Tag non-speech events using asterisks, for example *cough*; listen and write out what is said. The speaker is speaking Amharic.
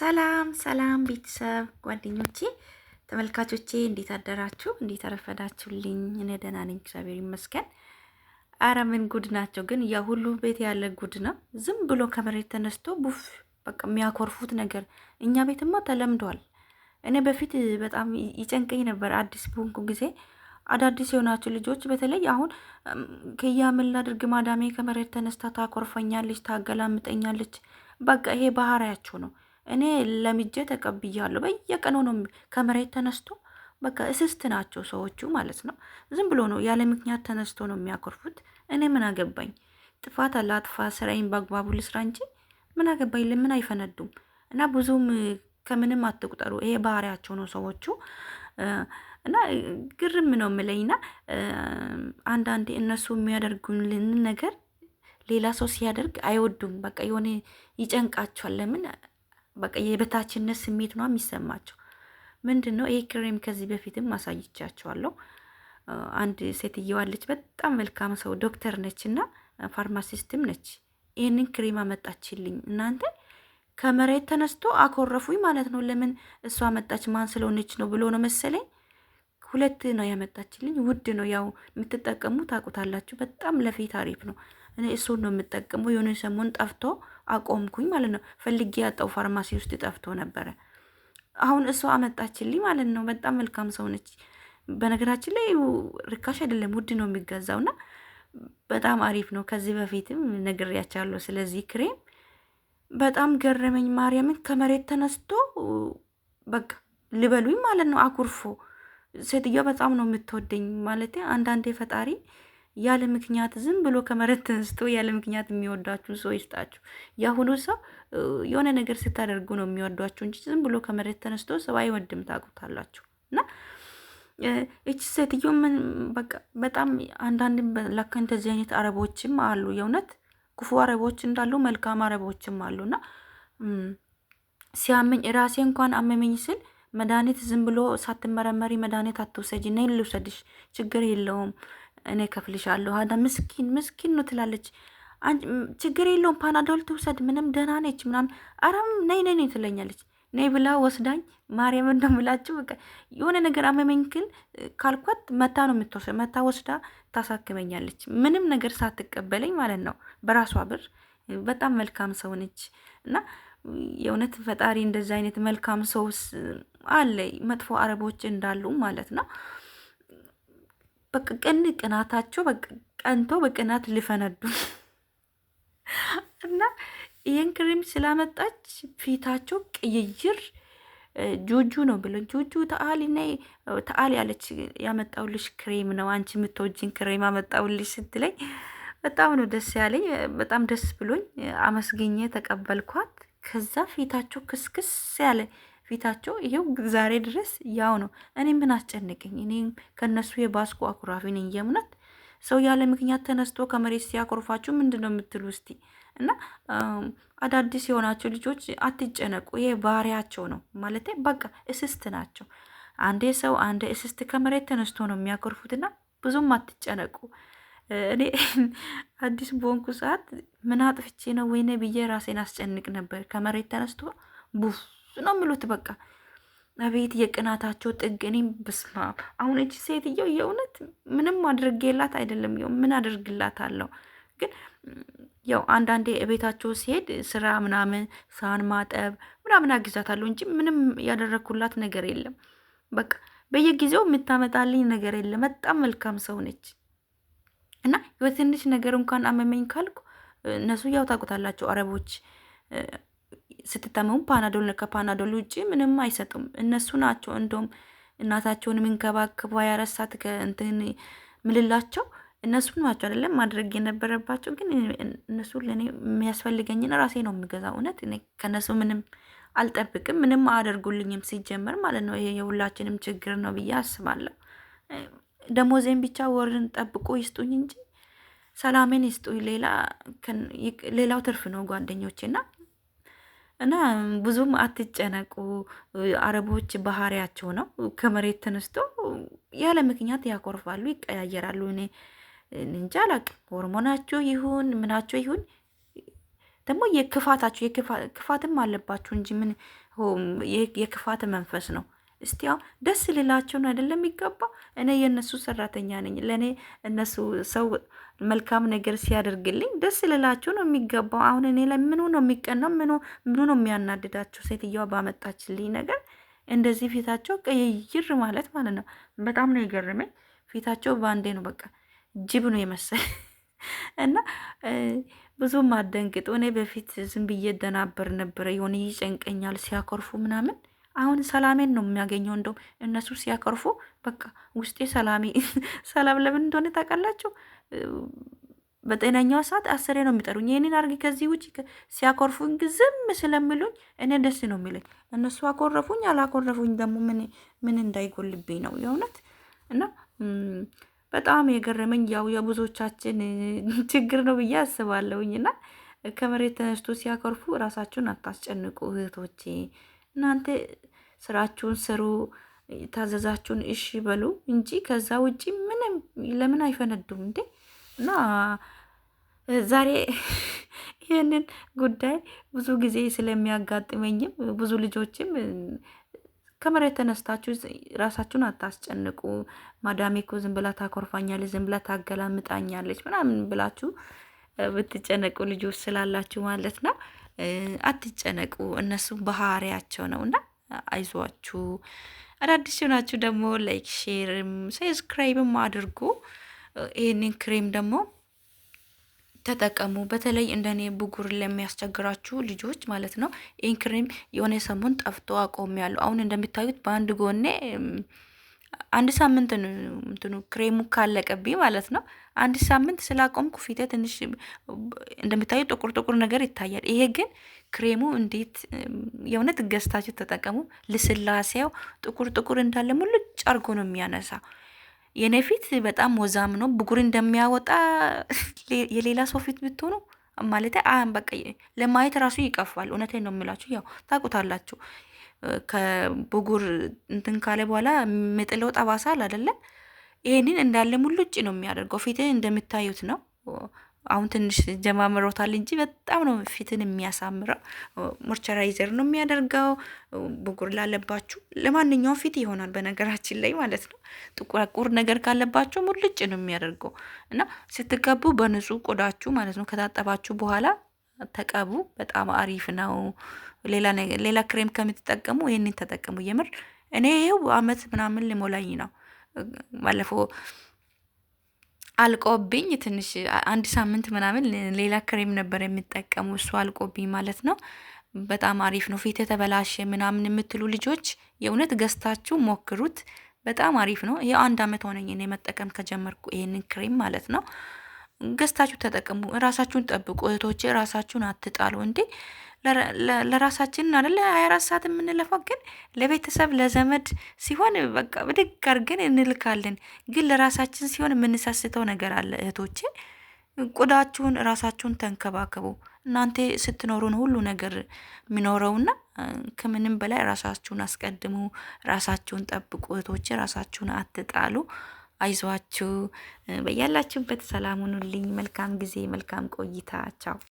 ሰላም ሰላም ቤተሰብ ጓደኞቼ ተመልካቾቼ እንዴት አደራችሁ? እንዴት አረፈዳችሁልኝ? እኔ ደህና ነኝ፣ እግዚአብሔር ይመስገን። አረ ምን ጉድ ናቸው ግን! ያ ሁሉ ቤት ያለ ጉድ ነው። ዝም ብሎ ከመሬት ተነስቶ ቡፍ በቃ የሚያኮርፉት ነገር እኛ ቤትማ ተለምዷል። እኔ በፊት በጣም ይጨንቀኝ ነበር አዲስ በሆንኩ ጊዜ። አዳዲስ የሆናችሁ ልጆች በተለይ አሁን ከያ ምን ላድርግ ማዳሜ ከመሬት ተነስታ ታኮርፈኛለች፣ ታገላምጠኛለች። በቃ ይሄ ባህሪያችሁ ነው። እኔ ለምጄ ተቀብያለሁ። በየቀኑ ነው ከመሬት ተነስቶ በቃ እስስት ናቸው ሰዎቹ ማለት ነው። ዝም ብሎ ነው ያለ ምክንያት ተነስቶ ነው የሚያኮርፉት። እኔ ምን አገባኝ? ጥፋት አላጥፋ፣ ስራዬን በአግባቡ ልስራ እንጂ ምን አገባኝ? ለምን አይፈነዱም? እና ብዙም ከምንም አትቁጠሩ። ይሄ ባህሪያቸው ነው ሰዎቹ እና ግርም ነው የምለኝና አንዳንዴ እነሱ የሚያደርጉልን ነገር ሌላ ሰው ሲያደርግ አይወዱም። በቃ የሆነ ይጨንቃቸዋል። ለምን በቃ የበታችነት ስሜት ነው የሚሰማቸው። ምንድን ነው ይሄ ክሬም? ከዚህ በፊትም አሳይቻቸዋለሁ። አንድ ሴትየዋ አለች፣ በጣም መልካም ሰው ዶክተር ነች እና ፋርማሲስትም ነች። ይህንን ክሬም አመጣችልኝ። እናንተ ከመሬት ተነስቶ አኮረፉኝ ማለት ነው። ለምን እሷ አመጣች ማን ስለሆነች ነው ብሎ ነው መሰለኝ። ሁለት ነው ያመጣችልኝ። ውድ ነው ያው የምትጠቀሙ ታውቁታላችሁ። በጣም ለፊት አሪፍ ነው። እኔ እሱን ነው የምጠቀመው። የሆነ ሰሞን ጠፍቶ አቆምኩኝ ማለት ነው። ፈልጌ ያጣው ፋርማሲ ውስጥ ጠፍቶ ነበረ። አሁን እሷ አመጣችልኝ ማለት ነው። በጣም መልካም ሰው ነች። በነገራችን ላይ ርካሽ አይደለም ውድ ነው የሚገዛውና በጣም አሪፍ ነው። ከዚህ በፊትም ነግሬያቸዋለሁ። ስለዚህ ክሬም በጣም ገረመኝ። ማርያምን ከመሬት ተነስቶ በቃ ልበሉኝ ማለት ነው አኩርፎ። ሴትዮዋ በጣም ነው የምትወደኝ ማለት አንዳንዴ ፈጣሪ ያለ ምክንያት ዝም ብሎ ከመሬት ተንስቶ ያለ ምክንያት የሚወዷችሁ ሰው ይስጣችሁ። የአሁኑ ሰው የሆነ ነገር ስታደርጉ ነው የሚወዷችሁ እንጂ ዝም ብሎ ከመሬት ተነስቶ ሰው አይወድም። ታውቁታላችሁ። እና እች ሴትዮ ምን በቃ በጣም አንዳንድ ለካ እንደዚህ አይነት አረቦችም አሉ። የእውነት ክፉ አረቦች እንዳሉ መልካም አረቦችም አሉ። እና ሲያመኝ ራሴ እንኳን አመመኝ ስል መድኃኒት ዝም ብሎ ሳትመረመሪ መድኃኒት አትውሰጂ፣ ነይ ልውሰድሽ፣ ችግር የለውም እኔ ከፍልሻለሁ አዳ ምስኪን ምስኪን ነው ትላለች። ችግር የለውም ፓናዶል ትውሰድ ምንም ደህና ነች ምናምን አረም ነይ ነይ ነይ ትለኛለች። ነይ ብላ ወስዳኝ ማርያም እንደምላችሁ የሆነ ነገር አመመኝክል ካልኳት መታ ነው የምትወስ መታ ወስዳ ታሳክመኛለች። ምንም ነገር ሳትቀበለኝ ማለት ነው በራሷ ብር። በጣም መልካም ሰው ነች እና የእውነት ፈጣሪ እንደዚህ አይነት መልካም ሰው አለ መጥፎ አረቦች እንዳሉ ማለት ነው። በቃ ቅን ቅናታቸው ቀንቶ በቅናት ልፈነዱ እና ይህን ክሬም ስላመጣች ፊታቸው ቅይይር ጁጁ ነው ብሎ ጁጁ ተአሊ ና ተአሊ ያለች ያመጣውልሽ ክሬም ነው። አንቺ የምትወጂን ክሬም አመጣውልሽ ስትለኝ በጣም ነው ደስ ያለኝ። በጣም ደስ ብሎኝ አመስግኜ ተቀበልኳት። ከዛ ፊታቸው ክስክስ ያለ ፊታቸው ይሄው ዛሬ ድረስ ያው ነው። እኔ ምን አስጨነቀኝ እኔ ከነሱ የባስኩ አኩራፊ ነኝ። የእውነት ሰው ያለ ምክንያት ተነስቶ ከመሬት ሲያኮርፋችሁ ምንድን ነው የምትሉ እስቲ? እና አዳዲስ የሆናቸው ልጆች አትጨነቁ። ይሄ ባህሪያቸው ነው ማለት በቃ እስስት ናቸው። አንዴ ሰው አንዴ እስስት ከመሬት ተነስቶ ነው የሚያኮርፉትና ብዙም አትጨነቁ። እኔ አዲስ በሆንኩ ሰዓት ምን አጥፍቼ ነው ወይኔ ብዬ ራሴን አስጨንቅ ነበር። ከመሬት ተነስቶ ቡፍ ነው የምሉት። በቃ አቤት የቅናታቸው ጥግ! እኔም ብስማ አሁን እቺ ሴትየው የእውነት ምንም አድርጌላት አይደለም፣ ው ምን አለው። ግን ያው አንዳንዴ ቤታቸው ሲሄድ ስራ ምናምን ሳህን ማጠብ ምናምን አግዛታለሁ እንጂ ምንም ያደረግኩላት ነገር የለም። በቃ በየጊዜው የምታመጣልኝ ነገር የለም። በጣም መልካም ሰው ነች እና በትንሽ ነገር እንኳን አመመኝ ካልኩ እነሱ ያው ታውቁታላቸው አረቦች ስትታመሙ ፓናዶል ከፓናዶል ውጭ ምንም አይሰጡም። እነሱ ናቸው እንደውም እናታቸውን የሚንከባከቡ ያረሳት እንትን ምልላቸው እነሱ ናቸው አይደለም ማድረግ የነበረባቸው። ግን እነሱ ለእኔ የሚያስፈልገኝን ራሴ ነው የሚገዛ እውነት ከነሱ ምንም አልጠብቅም፣ ምንም አያደርጉልኝም ሲጀመር ማለት ነው። ይሄ የሁላችንም ችግር ነው ብዬ አስባለሁ። ደሞዜን ብቻ ወርን ጠብቆ ይስጡኝ እንጂ ሰላሜን ይስጡኝ። ሌላው ትርፍ ነው ና። እና ብዙም አትጨነቁ። አረቦች ባህሪያቸው ነው። ከመሬት ተነስቶ ያለ ምክንያት ያኮርፋሉ፣ ይቀያየራሉ። እኔ እንጃ አላቅም፣ ይሁን ምናቸው ይሁን ደግሞ የክፋታቸው ክፋትም አለባቸው እንጂ ምን የክፋት መንፈስ ነው። እስቲ ያው ደስ ሌላቸውን አይደለም የሚገባ። እኔ የእነሱ ሰራተኛ ነኝ። ለእኔ እነሱ ሰው መልካም ነገር ሲያደርግልኝ ደስ ልላቸው ነው የሚገባው። አሁን እኔ ላይ ምኑ ነው የሚቀናው? ምኑ ምኑ ነው የሚያናድዳቸው? ሴትዮዋ ባመጣችልኝ ነገር እንደዚህ ፊታቸው ቀይይር ማለት ማለት ነው። በጣም ነው የገረመኝ። ፊታቸው በአንዴ ነው በቃ ጅብ ነው የመሰል እና ብዙም አደንግጦ እኔ በፊት ዝም ብዬ ደናበር ነበረ። የሆነ ይጨንቀኛል ሲያኮርፉ ምናምን አሁን ሰላሜን ነው የሚያገኘው። እንደውም እነሱ ሲያከርፉ በቃ ውስጤ ሰላሜ *laughs* ሰላም ለምን እንደሆነ ታውቃላችሁ? በጤነኛው ሰዓት አስሬ ነው የሚጠሩኝ፣ ይህንን አርግ ከዚህ ውጭ ሲያኮርፉኝ ግዝም ስለሚሉኝ እኔ ደስ ነው የሚለኝ። እነሱ አኮረፉኝ አላኮረፉኝ ደግሞ ምን እንዳይጎልብኝ ነው የእውነት እና በጣም የገረመኝ ያው የብዙዎቻችን *laughs* ችግር ነው ብዬ አስባለሁኝ። እና ከመሬት ተነስቶ ሲያኮርፉ ራሳችሁን አታስጨንቁ እህቶቼ። እናንተ ስራችሁን ስሩ፣ ታዘዛችሁን እሺ በሉ እንጂ ከዛ ውጪ ምንም ለምን አይፈነዱም እንዴ? እና ዛሬ ይህንን ጉዳይ ብዙ ጊዜ ስለሚያጋጥመኝም ብዙ ልጆችም ከመሬት ተነስታችሁ ራሳችሁን አታስጨንቁ፣ ማዳሜ እኮ ዝም ብላ ታኮርፋኛለች፣ ዝም ብላ ታገላምጣኛለች ምናምን ብላችሁ ብትጨነቁ ልጆች ስላላችሁ ማለት ነው። አትጨነቁ፣ እነሱም ባህሪያቸው ነው እና አይዟችሁ። አዳዲስ ሲሆናችሁ ደግሞ ላይክ፣ ሼርም ሰብስክራይብም አድርጉ። ይህንን ክሬም ደግሞ ተጠቀሙ። በተለይ እንደኔ ብጉር ለሚያስቸግራችሁ ልጆች ማለት ነው። ይህን ክሬም የሆነ ሰሞን ጠፍቶ አቆም ያለው አሁን እንደሚታዩት በአንድ ጎኔ አንድ ሳምንት እንትኑ ክሬሙ ካለቀብኝ ማለት ነው። አንድ ሳምንት ስላቆምኩ ፊቴ ትንሽ እንደምታዩ ጥቁር ጥቁር ነገር ይታያል። ይሄ ግን ክሬሙ እንዴት የእውነት ገዝታችሁ ተጠቀሙ። ልስላሴው ጥቁር ጥቁር እንዳለ ሙሉ አርጎ ነው የሚያነሳ የኔ ፊት በጣም ወዛም ነው፣ ብጉር እንደሚያወጣ የሌላ ሰው ፊት ብትሆኑ ማለት በቃ ለማየት ራሱ ይቀፋል። እውነቴን ነው የምላችሁ፣ ያው ታውቁታላችሁ። ከብጉር እንትን ካለ በኋላ የምጥለው ጠባሳ አለ አይደለ? ይሄንን እንዳለ ውጭ ነው የሚያደርገው። ፊትን እንደምታዩት ነው። አሁን ትንሽ ጀማምሮታል እንጂ በጣም ነው ፊትን የሚያሳምረው። ሞርቸራይዘር ነው የሚያደርገው። ብጉር ላለባችሁ ለማንኛውም ፊት ይሆናል፣ በነገራችን ላይ ማለት ነው። ጥቁር ነገር ካለባችሁ ሙልጭ ነው የሚያደርገው እና ስትቀቡ በንጹህ ቆዳችሁ ማለት ነው ከታጠባችሁ በኋላ ተቀቡ። በጣም አሪፍ ነው። ሌላ ክሬም ከምትጠቀሙ ይህንን ተጠቀሙ። የምር እኔ ይኸው አመት ምናምን ሊሞላኝ ነው። ባለፈው አልቆብኝ ትንሽ አንድ ሳምንት ምናምን ሌላ ክሬም ነበር የምጠቀሙ። እሱ አልቆብኝ ማለት ነው። በጣም አሪፍ ነው። ፊት የተበላሸ ምናምን የምትሉ ልጆች የእውነት ገዝታችሁ ሞክሩት። በጣም አሪፍ ነው። ይሄ አንድ አመት ሆነኝ እኔ መጠቀም ከጀመርኩ ይህንን ክሬም ማለት ነው። ገዝታችሁ ተጠቀሙ። ራሳችሁን ጠብቁ እህቶች፣ ራሳችሁን አትጣሉ። እንዴ ለራሳችን አደለ ሀያ አራት ሰዓት የምንለፋው፣ ግን ለቤተሰብ ለዘመድ ሲሆን በቃ ብድግ አድርገን እንልካለን። ግን ለራሳችን ሲሆን የምንሰስተው ነገር አለ እህቶቼ። ቆዳችሁን ራሳችሁን ተንከባከቡ። እናንተ ስትኖሩን ሁሉ ነገር የሚኖረውና ከምንም በላይ ራሳችሁን አስቀድሙ። ራሳችሁን ጠብቁ እህቶቼ፣ ራሳችሁን አትጣሉ። አይዟችሁ። በያላችሁበት ሰላም ሁኑልኝ። መልካም ጊዜ፣ መልካም ቆይታ። ቻው